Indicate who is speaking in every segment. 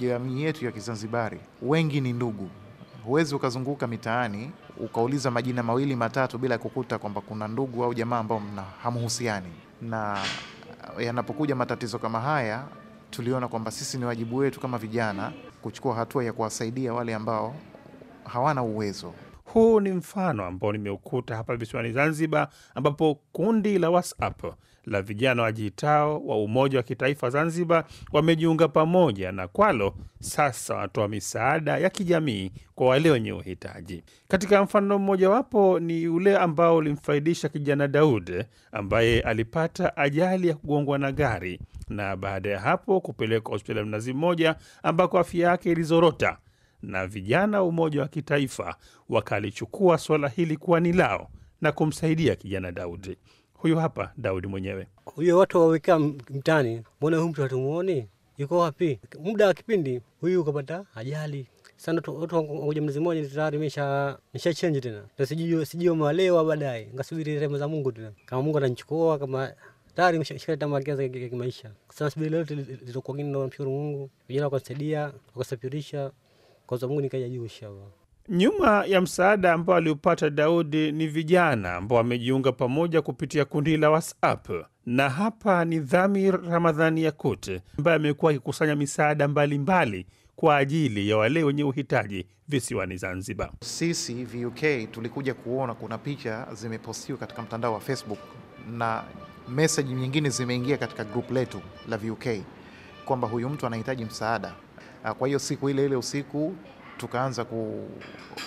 Speaker 1: jamii yetu ya Kizanzibari wengi ni ndugu. Huwezi ukazunguka mitaani ukauliza majina mawili matatu bila kukuta kwamba kuna ndugu au jamaa ambao hamhusiani. Na eh, yanapokuja matatizo kama haya, tuliona kwamba sisi ni wajibu wetu kama vijana kuchukua hatua ya kuwasaidia wale ambao hawana uwezo. Huu
Speaker 2: ni mfano ambao nimeukuta hapa visiwani Zanzibar, ambapo kundi la WhatsApp la vijana wajiitao wa Umoja wa Kitaifa Zanzibar wamejiunga pamoja na kwalo sasa wanatoa misaada ya kijamii kwa wale wenye uhitaji. Katika mfano mmojawapo ni ule ambao ulimfaidisha kijana Daud ambaye alipata ajali ya kugongwa na gari na baada ya hapo kupelekwa hospitali Mnazi Mmoja ambako afya yake ilizorota na vijana Umoja wa Kitaifa wakalichukua swala hili kuwa ni lao na kumsaidia kijana Daudi. Huyu hapa Daudi mwenyewe.
Speaker 3: Huyo watu wawekea mtani, mbona huyu mtu hatumuoni, yuko wapi? Muda wa kipindi huyu ukapata ajali sana, watu mmoja tayari mesha mesha tena, na baadaye, ngasubiri rehema za Mungu tena, kama Mungu kama tayari ya kimaisha. Sasa subiri namshukuru Mungu, vijana wakasaidia, wakasafirisha kwa Mungu nikaja
Speaker 2: Nyuma ya msaada ambao aliupata Daudi ni vijana ambao wamejiunga pamoja kupitia kundi la WhatsApp, na hapa ni Dhamir Ramadhani Yakut ambaye amekuwa akikusanya misaada mbalimbali
Speaker 1: mbali kwa ajili ya wale wenye uhitaji visiwani Zanzibar. Sisi VUK tulikuja kuona kuna picha zimepostiwa katika mtandao wa Facebook na meseji nyingine zimeingia katika grup letu la VUK kwamba huyu mtu anahitaji msaada. Ah, kwa hiyo siku ile ile usiku tukaanza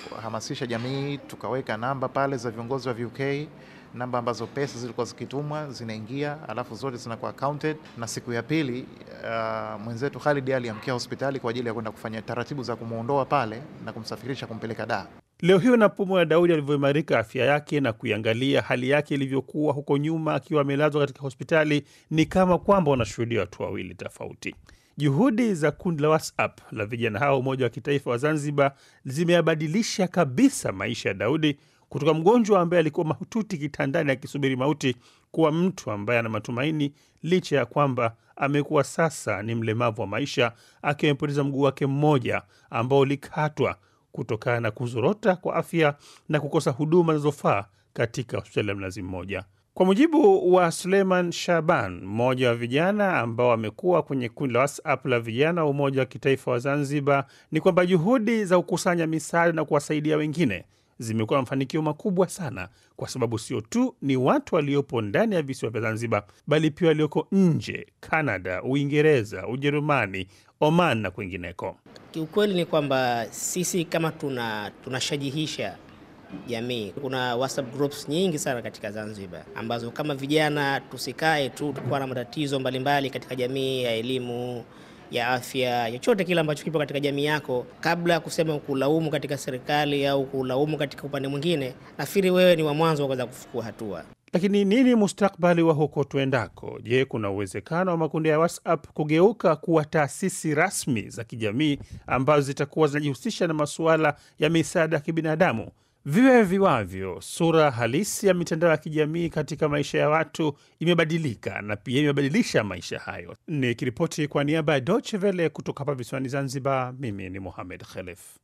Speaker 1: kuhamasisha jamii, tukaweka namba pale za viongozi wa VUK, namba ambazo pesa zilikuwa zikitumwa zinaingia, alafu zote zinakuwa accounted. Na siku ya pili uh, mwenzetu Khalid aliamkia hospitali kwa ajili ya kwenda kufanya taratibu za kumwondoa pale na kumsafirisha kumpeleka da
Speaker 2: Leo hiyo ya Daudi alivyoimarika afya yake na kuiangalia hali yake ilivyokuwa huko nyuma, akiwa amelazwa katika hospitali, ni kama kwamba wanashuhudia watu wawili tofauti. Juhudi za kundi la WhatsApp la vijana hao Umoja wa Kitaifa wa Zanzibar zimeyabadilisha kabisa maisha ya Daudi kutoka mgonjwa ambaye alikuwa mahututi kitandani akisubiri mauti kuwa mtu ambaye ana matumaini licha ya kwamba amekuwa sasa ni mlemavu wa maisha, akiwa amepoteza mguu wake mmoja ambao ulikatwa kutokana na kuzorota kwa afya na kukosa huduma zinazofaa katika hospitali ya Mnazi Mmoja. Kwa mujibu wa Suleiman Shaban, mmoja wa vijana ambao amekuwa kwenye kundi la WhatsApp la vijana wa Umoja wa Kitaifa wa Zanzibar, ni kwamba juhudi za kukusanya misaada na kuwasaidia wengine zimekuwa na mafanikio makubwa sana, kwa sababu sio tu ni watu waliopo ndani ya visiwa vya Zanzibar, bali pia walioko nje, Kanada, Uingereza, Ujerumani, Oman na kwingineko.
Speaker 3: Kiukweli ni kwamba sisi kama tuna tunashajihisha jamii. Kuna WhatsApp groups nyingi sana katika Zanzibar ambazo kama vijana tusikae tu, tukuwa na matatizo mbalimbali katika jamii ya elimu ya afya, chochote kile ambacho kipo katika jamii yako, kabla ya kusema kulaumu katika serikali au kulaumu katika upande mwingine, nafikiri wewe ni wa mwanzo wa kuweza kuchukua hatua.
Speaker 2: Lakini nini mustakbali wa huko twendako? Je, kuna uwezekano wa makundi ya WhatsApp kugeuka kuwa taasisi rasmi za kijamii ambazo zitakuwa zinajihusisha na masuala ya misaada ya kibinadamu Viwe viwavyo, sura halisi ya mitandao ya kijamii katika maisha ya watu imebadilika na pia imebadilisha maisha hayo. ni kiripoti kwa niaba ya Deutsche Welle kutoka hapa visiwani Zanzibar, mimi ni Mohamed Khelef.